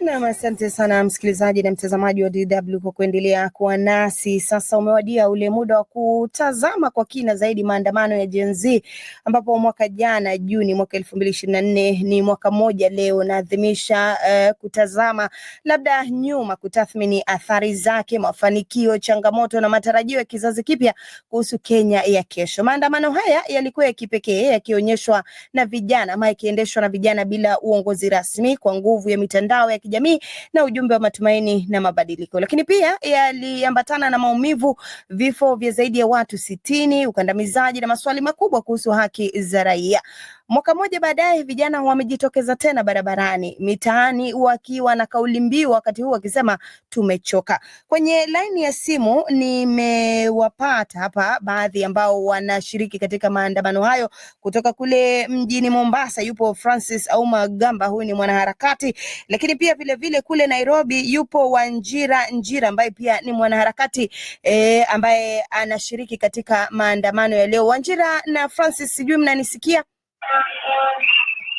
Nam, asante sana msikilizaji na mtazamaji wa DW kwa kuendelea kuwa nasi. Sasa umewadia ule muda wa kutazama kwa kina zaidi maandamano ya Gen Z, ambapo mwaka jana Juni mwaka elfu mbili ishirini na nne ni mwaka mmoja leo unaadhimisha uh, eh, kutazama labda nyuma, kutathmini athari zake, mafanikio, changamoto na matarajio ya kizazi kipya kuhusu Kenya ya kesho. Maandamano haya yalikuwa ya kipekee, yakionyeshwa na vijana ama yakiendeshwa na vijana bila uongozi rasmi, kwa nguvu ya mitandao ya kijamii na ujumbe wa matumaini na mabadiliko, lakini pia yaliambatana na maumivu, vifo vya zaidi ya watu sitini, ukandamizaji na maswali makubwa kuhusu haki za raia. Mwaka mmoja baadaye vijana wamejitokeza tena barabarani, mitaani wakiwa na kauli mbiu, wakati huu wakisema tumechoka. Kwenye laini ya simu nimewapata hapa baadhi ambao wanashiriki katika maandamano hayo. Kutoka kule mjini Mombasa yupo Francis Auma Gamba, huyu ni mwanaharakati, lakini pia vile vile kule Nairobi yupo Wanjira Njira ambaye pia ni mwanaharakati e, ambaye anashiriki katika maandamano ya leo. Wanjira na Francis, sijui mnanisikia?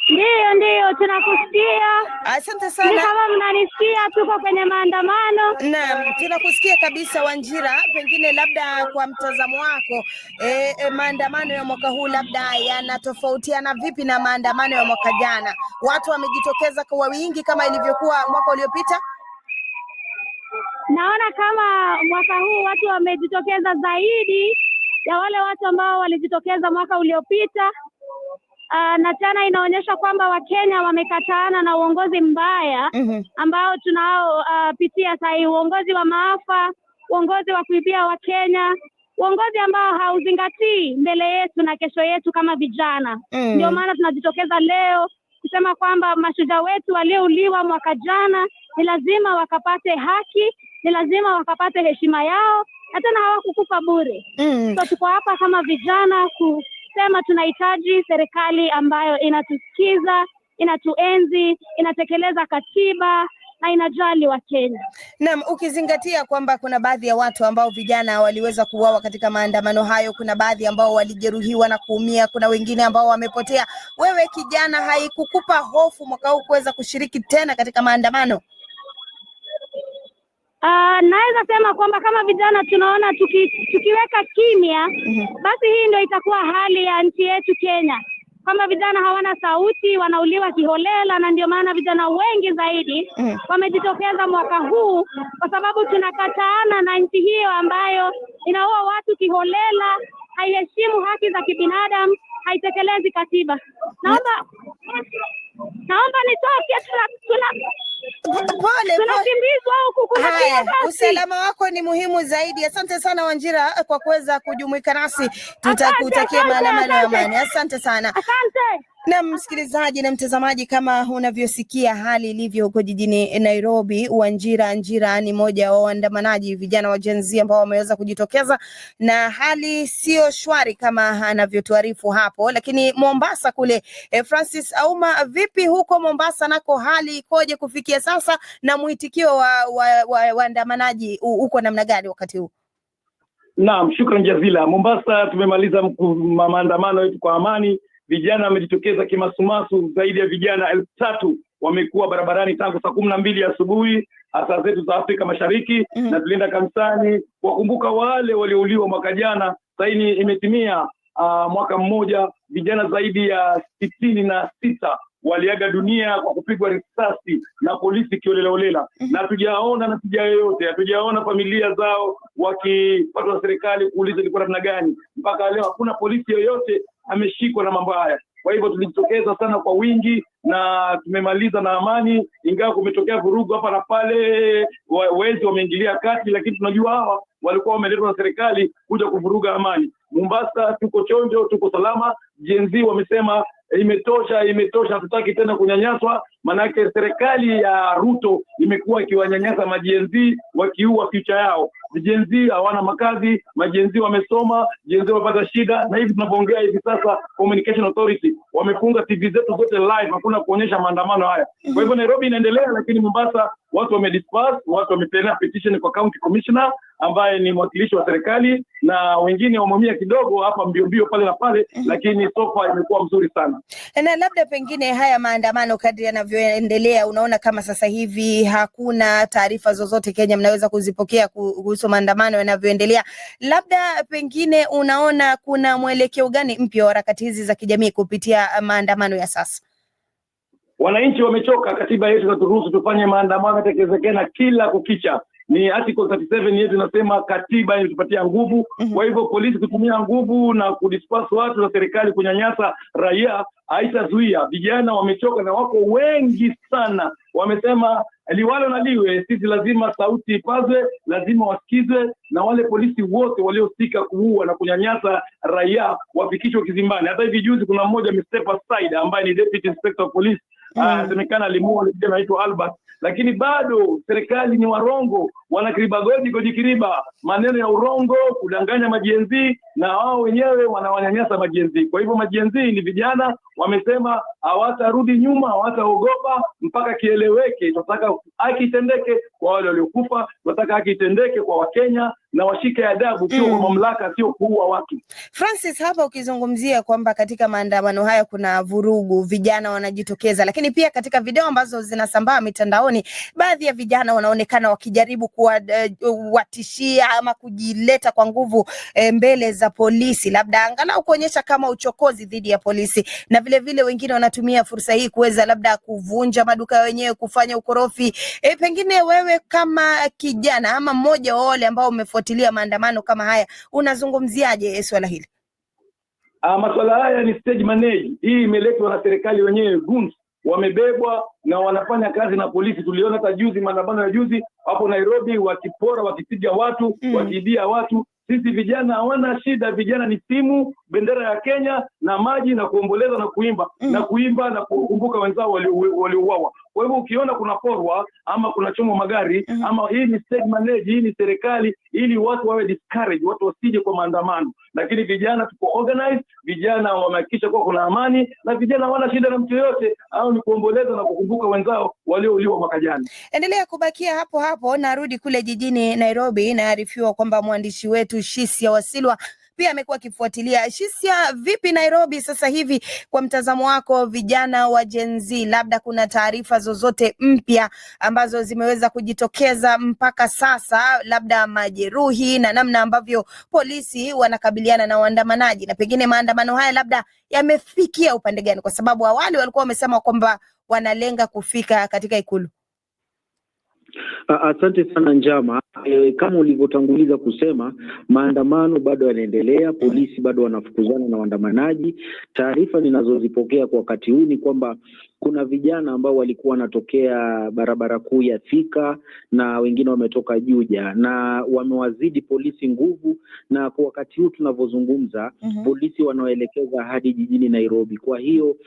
Ndiyo, ndiyo, tunakusikia. Asante sana. Kama mnanisikia, tuko kwenye maandamano. Naam, tunakusikia kabisa, Wanjira. Pengine labda kwa mtazamo wako e, e, maandamano ya mwaka huu labda yanatofautiana vipi na maandamano ya mwaka jana? Watu wamejitokeza kwa wingi kama ilivyokuwa mwaka uliopita? Naona kama mwaka huu watu wamejitokeza zaidi ya wale watu ambao walijitokeza mwaka uliopita Uh, na tena inaonyesha kwamba Wakenya wamekataana na uongozi mbaya mm -hmm. ambao tunaopitia ah, uh, saa hii, uongozi wa maafa, uongozi wa kuibia Wakenya, uongozi ambao hauzingatii mbele yetu na kesho yetu kama vijana mm Ndio maana tunajitokeza leo kusema kwamba mashujaa wetu waliouliwa mwaka jana ni lazima wakapate haki, ni lazima wakapate heshima yao, na tena hawakukufa bure mm So tuko hapa kama vijana ku sema tunahitaji serikali ambayo inatusikiza, inatuenzi, inatekeleza katiba na inajali Wakenya. Naam, ukizingatia kwamba kuna baadhi ya watu ambao vijana waliweza kuuawa katika maandamano hayo, kuna baadhi ambao walijeruhiwa na kuumia, kuna wengine ambao wamepotea. Wewe kijana, haikukupa hofu mwaka huu kuweza kushiriki tena katika maandamano? Uh, naweza sema kwamba kama vijana tunaona tuki, tukiweka kimya mhm. basi hii ndio itakuwa hali ya nchi yetu Kenya, kwamba vijana hawana sauti, wanauliwa kiholela, na ndio maana vijana wengi zaidi mhm. wamejitokeza mwaka huu, kwa sababu tunakataana na nchi hiyo ambayo inaua watu kiholela, haiheshimu haki za kibinadamu, haitekelezi katiba. Naomba naomba nitoke, tuna, tuna usalama wako ni muhimu zaidi. Asante sana Wanjira kwa kuweza kujumuika nasi, tutakutakia maandamano ya amani. Asante sana, asante. Na msikilizaji na mtazamaji, kama unavyosikia hali ilivyo huko jijini Nairobi, Wanjira Njira ni moja wa waandamanaji vijana wa Gen Z ambao wameweza kujitokeza, na hali siyo shwari kama anavyotuarifu hapo. Lakini Mombasa kule, eh, Francis Auma, vipi huko Mombasa nako hali ikoje kufikia sasa, na mwitikio wa waandamanaji wa, wa huko namna gani wakati huu? Naam, shukran jazila. Mombasa tumemaliza maandamano yetu kwa amani vijana wamejitokeza kimasumasu. Zaidi ya vijana elfu tatu wamekuwa barabarani tangu saa kumi na mbili asubuhi hasa zetu za Afrika Mashariki mm -hmm. na tulienda kanisani wakumbuka wale waliouliwa mwaka jana. Saini imetimia uh, mwaka mmoja, vijana zaidi ya sitini na sita waliaga dunia kwa kupigwa risasi na polisi kiolelaolela, mhm. na hatujaona natija yoyote, hatujaona familia zao wakipatwa na serikali kuuliza ilikuwa namna gani. Mpaka leo hakuna polisi yoyote ameshikwa na mambo haya. Kwa hivyo tulijitokeza sana kwa wingi na tumemaliza na amani, ingawa kumetokea vurugu hapa na pale, wezi wameingilia kati, lakini tunajua hawa walikuwa wameletwa na serikali kuja kuvuruga amani. Mombasa tuko chonjo, tuko salama. Jenzi wamesema imetosha, imetosha, hatutaki tena kunyanyaswa. Maanake serikali ya Ruto imekuwa ikiwanyanyasa majenzi, wakiua ficha yao. Majenzi hawana makazi, majenzi wamesoma, jenzi wamepata shida, na hivi tunavyoongea hivi sasa Communication Authority wamefunga TV zetu zote live, hakuna kuonyesha maandamano haya. Kwa hivyo Nairobi inaendelea, lakini Mombasa watu wamedisperse, watu wamepeleka petition kwa county commissioner ambaye ni mwakilishi wa serikali na wengine wameumia kidogo hapa mbio mbio pale na pale, mhm. lakini sofa imekuwa mzuri sana. Na labda pengine haya maandamano kadri yanavyoendelea, unaona kama sasa hivi hakuna taarifa zozote Kenya mnaweza kuzipokea kuhusu maandamano yanavyoendelea, labda pengine unaona kuna mwelekeo gani mpya wa harakati hizi za kijamii kupitia maandamano ya sasa? Wananchi wamechoka, katiba yetu inaturuhusu tufanye maandamano yatekezekana kila kukicha ni article 37 yetu inasema katiba inatupatia nguvu mm -hmm. Kwa hivyo polisi kutumia nguvu na kudisperse watu na serikali kunyanyasa raia haitazuia. Vijana wamechoka na wako wengi sana, wamesema liwalo na liwe, sisi lazima sauti ipazwe, lazima wasikizwe, na wale polisi wote waliohusika kuua na kunyanyasa raia wafikishwe kizimbani. Hata hivi juzi kuna mmoja Mr. aside ambaye ni deputy inspector of police Inasemekana ah, mm. alimuua anaitwa Albert, lakini bado serikali ni warongo, wanakiriba goji goji kiriba, maneno ya urongo, kudanganya majenzi, na wao wenyewe wanawanyanyasa majenzi. Kwa hivyo majenzi ni vijana, wamesema hawatarudi nyuma, hawataogopa mpaka kieleweke. Tunataka haki itendeke kwa wale waliokufa, tunataka haki itendeke kwa Wakenya na washike adabu, sio mm. kwa mamlaka, sio kuua watu. Francis, hapa ukizungumzia kwamba katika maandamano haya kuna vurugu, vijana wanajitokeza lakini lakini pia katika video ambazo zinasambaa mitandaoni, baadhi ya vijana wanaonekana wakijaribu kuwatishia eh, uh, ama kujileta kwa nguvu eh, mbele za polisi, labda angalau kuonyesha kama uchokozi dhidi ya polisi, na vile vile wengine wanatumia fursa hii kuweza labda kuvunja maduka wenyewe, kufanya ukorofi eh, pengine wewe kama kijana ama mmoja wa wale ambao umefuatilia maandamano kama haya unazungumziaje eh, swala hili? Ah, masuala haya ni stage manage. Hii imeletwa na serikali wenyewe goons wamebebwa na wanafanya kazi na polisi. Tuliona hata juzi, maandamano ya juzi hapo Nairobi, wakipora, wakipiga watu mm, wakiibia watu. Sisi vijana hawana shida, vijana ni simu, bendera ya Kenya na maji na kuomboleza na kuimba mm, na kuimba na kukumbuka wenzao waliouawa. Kwa hivyo ukiona kuna porwa ama kuna chomo magari mm -hmm. ama hii ni state manage, hii ni serikali, ili watu wawe discourage, watu wasije kwa maandamano. Lakini vijana tuko organize, vijana wamehakikisha kuwa kuna amani na vijana hawana shida na mtu yoyote, au ni kuomboleza na kukumbuka wenzao waliouliwa mwaka jana. Endelea kubakia hapo hapo, narudi kule jijini Nairobi. Inaarifiwa kwamba mwandishi wetu Shisia Wasilwa pia amekuwa akifuatilia. Shisia, vipi Nairobi sasa hivi kwa mtazamo wako, vijana wa Gen Z, labda kuna taarifa zozote mpya ambazo zimeweza kujitokeza mpaka sasa, labda majeruhi na namna ambavyo polisi wanakabiliana na waandamanaji, na pengine maandamano haya labda yamefikia upande gani? Kwa sababu awali walikuwa wamesema kwamba wanalenga kufika katika Ikulu. Asante sana Njama. E, kama ulivyotanguliza kusema, maandamano bado yanaendelea, polisi bado wanafukuzana na waandamanaji. Taarifa ninazozipokea kwa wakati huu ni kwamba kuna vijana ambao walikuwa wanatokea barabara kuu ya Thika na wengine wametoka Juja na wamewazidi polisi nguvu, na kwa wakati huu tunavyozungumza, mm -hmm. polisi wanaoelekeza hadi jijini Nairobi. Kwa hiyo uh,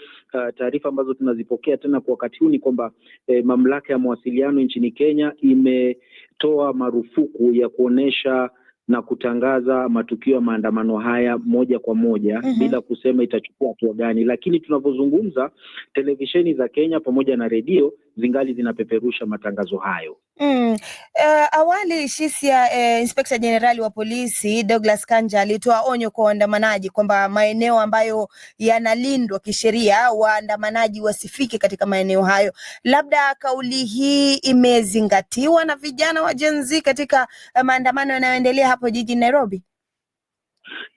taarifa ambazo tunazipokea tena kwa wakati huu ni kwamba eh, mamlaka ya mawasiliano nchini Kenya imetoa marufuku ya kuonesha na kutangaza matukio ya maandamano haya moja kwa moja uh mhm. -huh. bila kusema itachukua hatua gani, lakini tunavyozungumza televisheni za Kenya pamoja na redio zingali zinapeperusha matangazo hayo. Mm. Uh, awali shisi ya uh, eh, Inspekta Jenerali wa polisi Douglas Kanja alitoa onyo kwa waandamanaji kwamba maeneo ambayo yanalindwa kisheria waandamanaji wasifike katika maeneo hayo. Labda kauli hii imezingatiwa na vijana wa Gen Z katika eh, maandamano yanayoendelea hapo jijini Nairobi.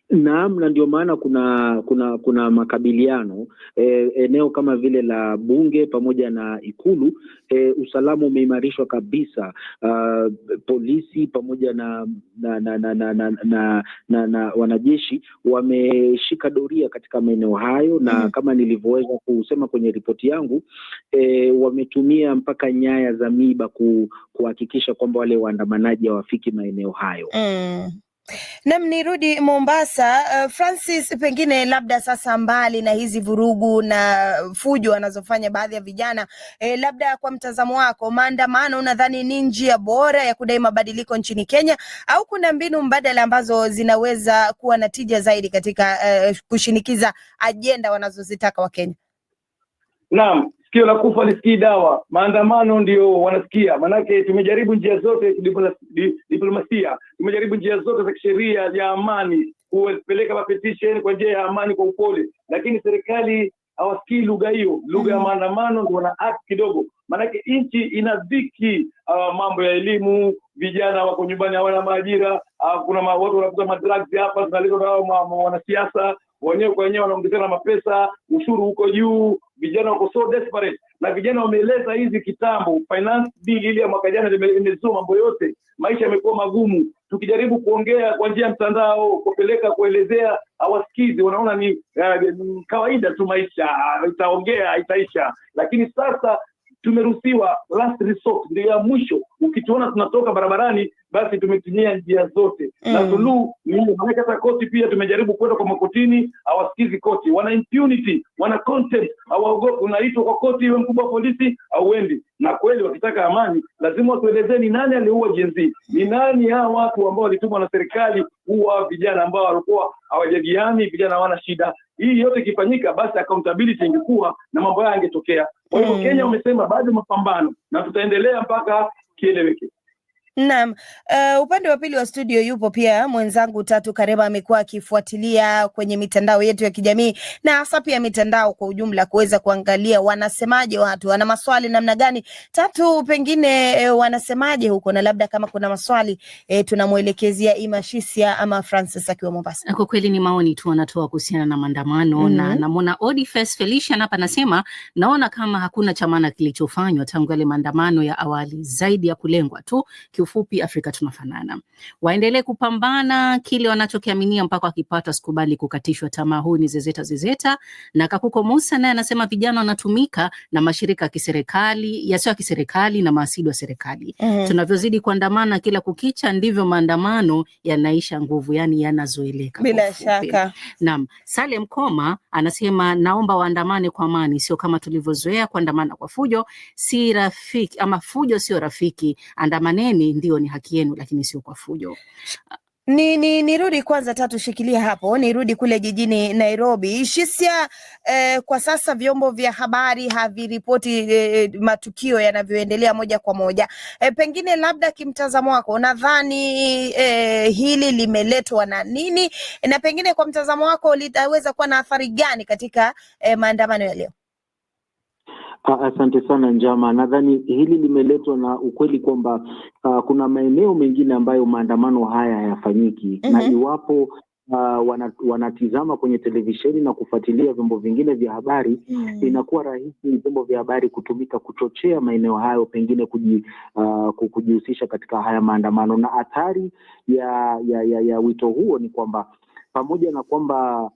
Naam, na ndio maana kuna kuna kuna makabiliano e, eneo kama vile la bunge pamoja na Ikulu. E, usalama umeimarishwa kabisa. Uh, polisi pamoja na na na na, na, na, na, na, na wanajeshi wameshika doria katika maeneo hayo na mm. Kama nilivyoweza kusema kwenye ripoti yangu e, wametumia mpaka nyaya za miba kuhakikisha kwamba wale waandamanaji hawafiki maeneo hayo mm. Nam, nirudi Mombasa. Uh, Francis, pengine labda sasa, mbali na hizi vurugu na fujo wanazofanya baadhi ya vijana eh, labda kwa mtazamo wako, maandamano unadhani ni njia bora ya kudai mabadiliko nchini Kenya au kuna mbinu mbadala ambazo zinaweza kuwa na tija zaidi katika eh, kushinikiza ajenda wanazozitaka Wakenya? Naam sikio la kufa lisikii dawa, maandamano ndio wanasikia. Maanake tumejaribu njia zote diplomasia, tumejaribu njia zote za kisheria ya amani, kupeleka mapetisheni kwa njia ya amani, kwa upole, lakini serikali hawasikii lugha hiyo, lugha ya mm. maandamano ndio wana act kidogo, maanake nchi ina dhiki. Uh, mambo ya elimu, vijana wako nyumbani hawana maajira. Uh, kuna ma, watu wanakuta madrugs hapa zinaletwa na wanasiasa wenyewe kwa wenyewe na mapesa, ushuru uko juu, vijana wako so desperate, na vijana wameeleza hizi kitambo. Finance bill ile ya mwaka jana imezua mambo yote, maisha yamekuwa magumu. Tukijaribu kuongea kwa njia ya mtandao, kupeleka, kuelezea, hawasikizi, wanaona ni uh, kawaida tu, maisha itaongea itaisha. Lakini sasa tumeruhusiwa, last resort, ndio ya mwisho ukituona tunatoka barabarani, basi tumetumia njia zote mm. na suluhu maanake, hata koti pia tumejaribu kwenda kwa makotini, hawasikizi koti, wana impunity, wana content, hawaogopi. Unaitwa kwa koti, iwe mkubwa wa polisi hauendi. Na kweli wakitaka amani, lazima watuelezee ni nani aliua jenzi, ni nani hawa watu ambao walitumwa na serikali huwa vijana ambao walikuwa hawajajiani, vijana hawana shida. Hii yote ikifanyika, basi accountability ingekuwa na mambo haya yangetokea. Kwa hiyo mm. Kenya wamesema bado mapambano na tutaendelea mpaka Kelebek Naam, uh, upande wa pili wa studio yupo pia mwenzangu Tatu Karema amekuwa akifuatilia kwenye mitandao yetu ya kijamii na hasa pia mitandao kwa ujumla kuweza kuangalia wanasemaje watu, wana maswali namna gani. Tatu, pengine eh, wanasemaje huko na labda kama kuna maswali eh, tunamwelekezea Ima Shisia ama Francis akiwa Mombasa. Kwa kweli ni maoni tu wanatoa kuhusiana na maandamano mm -hmm. na mhm. namuona Odifes Felician hapa anasema naona kama hakuna chamana kilichofanywa tangu yale maandamano ya awali zaidi ya kulengwa tu Kiu kiufupi, Afrika tunafanana. Waendelee kupambana kile wanachokiaminia mpaka wakipata, sikubali kukatishwa tamaa. Huyu ni Zezeta Zezeta. Na Kakuko Musa naye anasema vijana wanatumika na mashirika ya kiserikali, yasiyo ya kiserikali na maasidi wa serikali. mm-hmm. Tunavyozidi kuandamana kila kukicha, ndivyo maandamano yanaisha nguvu, yani yanazoeleka. Bila shaka. Naam, Salem Koma anasema naomba waandamane kwa amani, sio kama tulivyozoea kuandamana kwa fujo. Si rafiki ama fujo sio rafiki, andamaneni ndio ni haki yenu, lakini sio kwa fujo. Ni, ni nirudi kwanza tatu shikilia hapo, nirudi kule jijini Nairobi Shisia. Eh, kwa sasa vyombo vya habari haviripoti eh, matukio yanavyoendelea moja kwa moja. Eh, pengine labda kimtazamo wako nadhani eh, hili limeletwa na nini, na pengine kwa mtazamo wako litaweza kuwa na athari gani katika eh, maandamano ya leo? Ah, asante sana Njama, nadhani hili limeletwa na ukweli kwamba uh, kuna maeneo mengine ambayo maandamano haya hayafanyiki mm -hmm. na mhm. iwapo Uh, wana, wanatizama kwenye televisheni na kufuatilia vyombo vingine vya habari mm. Inakuwa rahisi vyombo vya habari kutumika kuchochea maeneo hayo pengine kuji, uh, kujihusisha katika haya maandamano, na athari ya, ya, ya, ya wito huo ni kwamba pamoja na kwamba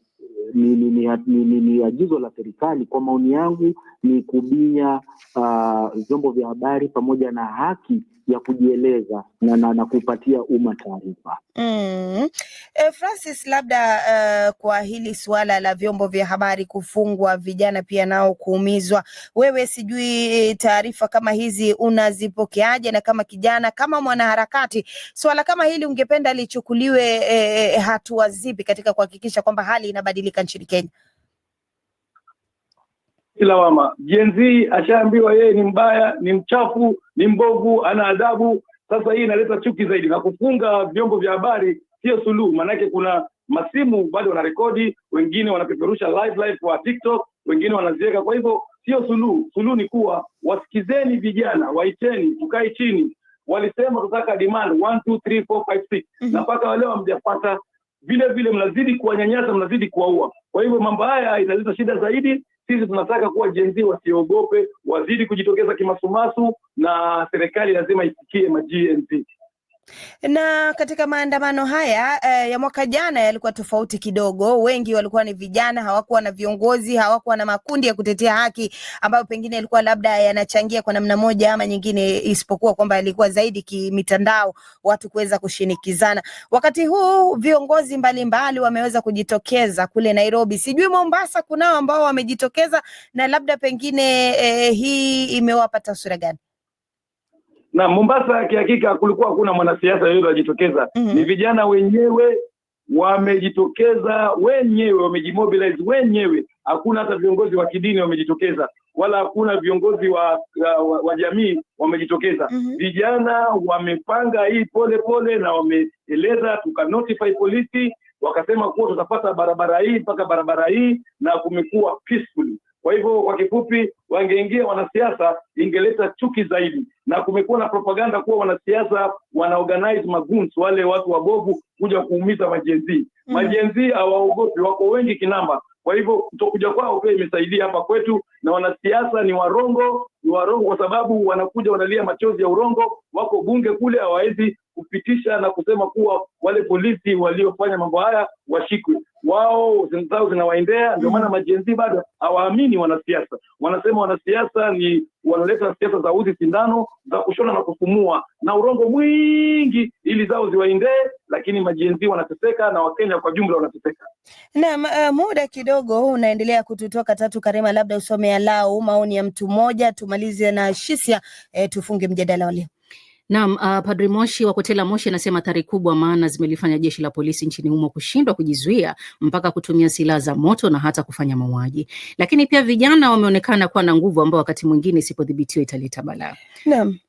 ni, ni, ni, ni, ni, ni agizo la serikali kwa maoni yangu ni kubinya ah, vyombo uh, vya habari pamoja na haki ya kujieleza na, na, na kupatia umma taarifa mm. E, Francis, labda uh, kwa hili suala la vyombo vya habari kufungwa, vijana pia nao kuumizwa, wewe sijui eh, taarifa kama hizi unazipokeaje? Na kama kijana, kama mwanaharakati, suala kama hili ungependa lichukuliwe eh, hatua zipi katika kuhakikisha kwamba hali inabadilika? kusaidika nchini Kenya? Lawama jenzi ashaambiwa yeye ni mbaya, ni mchafu, ni mbovu, ana adabu. Sasa hii inaleta chuki zaidi, na kufunga vyombo vya habari sio suluhu, maanake kuna masimu bado wanarekodi, wengine wanapeperusha live live kwa TikTok, wengine wanaziweka. Kwa hivyo sio suluhu. Suluhu ni kuwa wasikizeni vijana, waiteni, tukae chini. Walisema tutaka demand 1 2 3 4 5 6 na mpaka waleo hamjapata vile vile mnazidi kuwanyanyasa, mnazidi kuwaua. Kwa hivyo mambo haya italeta shida zaidi. Sisi tunataka kuwa jenzi wasiogope, wazidi kujitokeza kimasumasu, na serikali lazima isikie ma na katika maandamano haya eh, ya mwaka jana yalikuwa tofauti kidogo. Wengi walikuwa ni vijana, hawakuwa na viongozi, hawakuwa na makundi ya kutetea haki ambayo pengine yalikuwa labda yanachangia kwa namna moja ama nyingine, isipokuwa kwamba yalikuwa zaidi kimitandao, watu kuweza kushinikizana. Wakati huu viongozi mbalimbali mbali wameweza kujitokeza kule Nairobi, sijui Mombasa kunao ambao wamejitokeza, na labda pengine eh, hii imewapa taswira gani? na Mombasa kihakika kulikuwa hakuna mwanasiasa yoyote alijitokeza. mm -hmm. Ni vijana wenyewe wamejitokeza wenyewe, wamejimobilize wenyewe. Hakuna hata viongozi wa kidini wamejitokeza, wala hakuna viongozi wa, wa, wa jamii wamejitokeza. mm -hmm. Vijana wamepanga hii pole pole na wameeleza, tuka notify polisi, wakasema kuwa tutapata barabara hii mpaka barabara hii, na kumekuwa peacefully. Kwa hivyo, kwa kifupi, wangeingia wanasiasa ingeleta chuki zaidi na kumekuwa na propaganda kuwa wanasiasa wanaorganize maguns, wale watu wabovu kuja kuumiza majenzii. Mm. Majenzii hawaogopi, wako wengi kinamba. Kwa hivyo kutokuja kwao pia imesaidia hapa kwetu, na wanasiasa ni warongo, ni warongo kwa sababu wanakuja wanalia machozi ya urongo. Wako bunge kule hawawezi kupitisha na kusema kuwa wale polisi waliofanya mambo haya washikwe. Wao zao zinawaendea, ndio maana mm-hmm. majenzi bado hawaamini wanasiasa. Wanasema wanasiasa ni wanaleta siasa za uzi sindano za kushona na kufumua na urongo mwingi ili zao ziwaendee, lakini majenzi wanateseka na Wakenya kwa jumla wanateseka. Naam, uh, muda kidogo unaendelea kututoka Tatu Karema, labda usome alau maoni ya mtu mmoja tumalize na Shisia, eh, tufunge mjadala wa leo. Naam, uh, Padri Moshi wa Kotela Moshi anasema athari kubwa maana zimelifanya jeshi la polisi nchini humo kushindwa kujizuia mpaka kutumia silaha za moto na hata kufanya mauaji. Lakini pia vijana wameonekana kuwa na nguvu ambao wakati mwingine isipodhibitiwa italeta balaa. Naam.